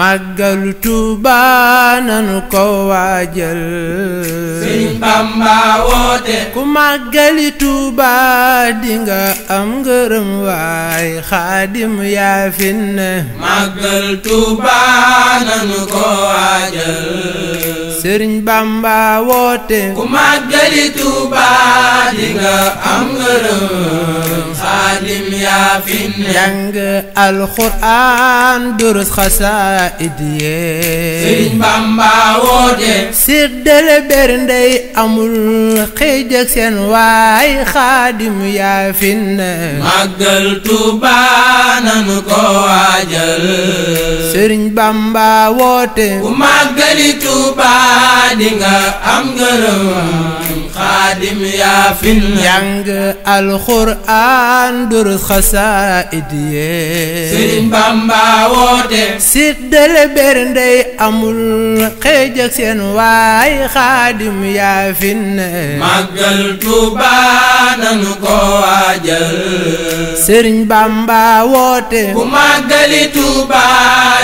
màggalu Tuuba nanu ko waajal. Sëriñ Bamba woote. ku màggali Tuuba dinga am ngërëm waay xaadim yaa ne. màggal Tuuba nanu ko waajal. Sëriñ Bamba woote. ku màggali Tuuba dinga jàng alxuraan durus xasaayid yee Sëriñ Bamba woote séddale berndey amul xëj ak seen waay xaadim yaa fi màggal Tuuba nanu ko waajal Sëriñ Bamba woote ku màggali Tuuba dinga am ngërëm xaadim yaa fin jàng alxuraan durus woote sit dale berndey amul xëej seen waay xaadim yaa fin màggal Tuuba nanu ko waajal sëriñ Bamba woote bu màggali Tuuba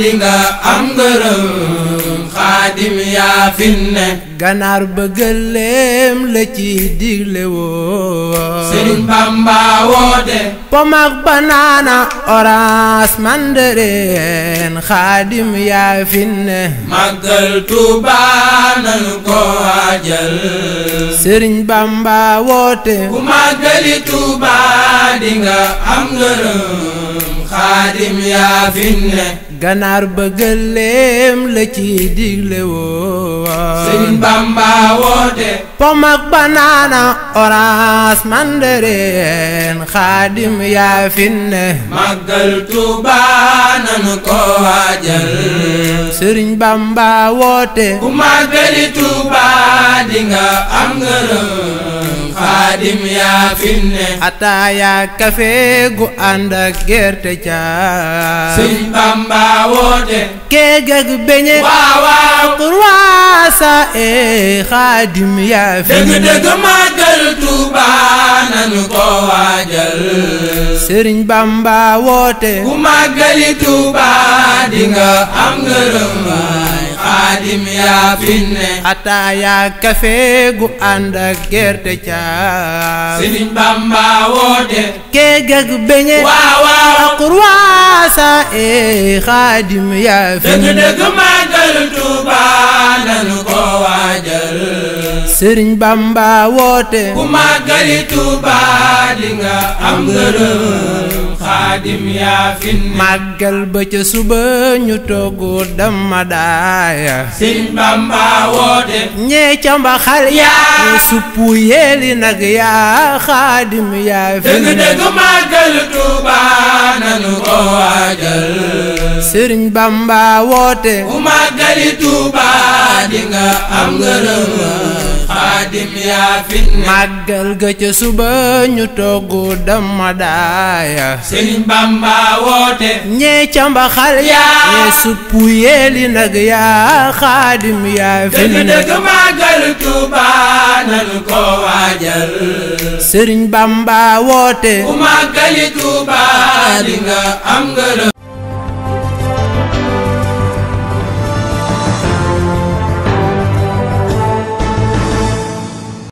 dinga am ngërëm xaadim yaa fi ne ganaar bëggaleem la ci digle woon Sëriñ Bamba woote pom ak banaana orange mandarine xaadim yaa ne màggal Tuuba nanu ko Bamba woote ku màggali Tuuba di am ngërëm xaadim yaa fi ne ganaar bëggaleem la ci digle woo sëñ Bamba woote pom ak banaana orange mandareen xaadim yaa fi ne màggal Tuuba nanu ko waajal sëriñ Bamba woote ku màggali Tuuba di nga am ngërëm xaadim yaa fi ne ataaya kafe gu ànd ak gerte caaf sëñ Bamba woote keeg ak beñe waaw waaw croissant e xaadim yaa fi dëgg-dëgg màggal Tuuba nanu ko waajal sëriñ Bamba woote ku màggali Tuuba di nga am ngërëm xaadim yaa kafe gu ànd ak gerte caaf Sëriñ Bamba woote keeg ak beñe waaw waaw ee xaadim yaa fi ne dëgg màggal Tuuba nanu ko waajal Sëriñ Bamba woote ku màggali Tuuba di am ngërëm xaadim yaa fi ne màggal ba ca suba ñu togg damma daay ya Sëñ Bamba woote ñee ca mbaxal yaa suppu yeeli nag yaa xaadim yaa fi dëgg-dëgg màggal Tuuba nanu ko waajal Sëriñ Bamba woote bu màggali Tuuba di am ngërëm xaadim yaa fi ne màggal ga ca suba ñu togg dama daaya sëriñ bamba woote ñee cambaxal yaa ñee supp yeeli nag yaa xaadim yaa fi ne dëgg màggal tuuba nanu ko waajal sëriñ bamba woote ku màggali tuuba di nga am ngërëm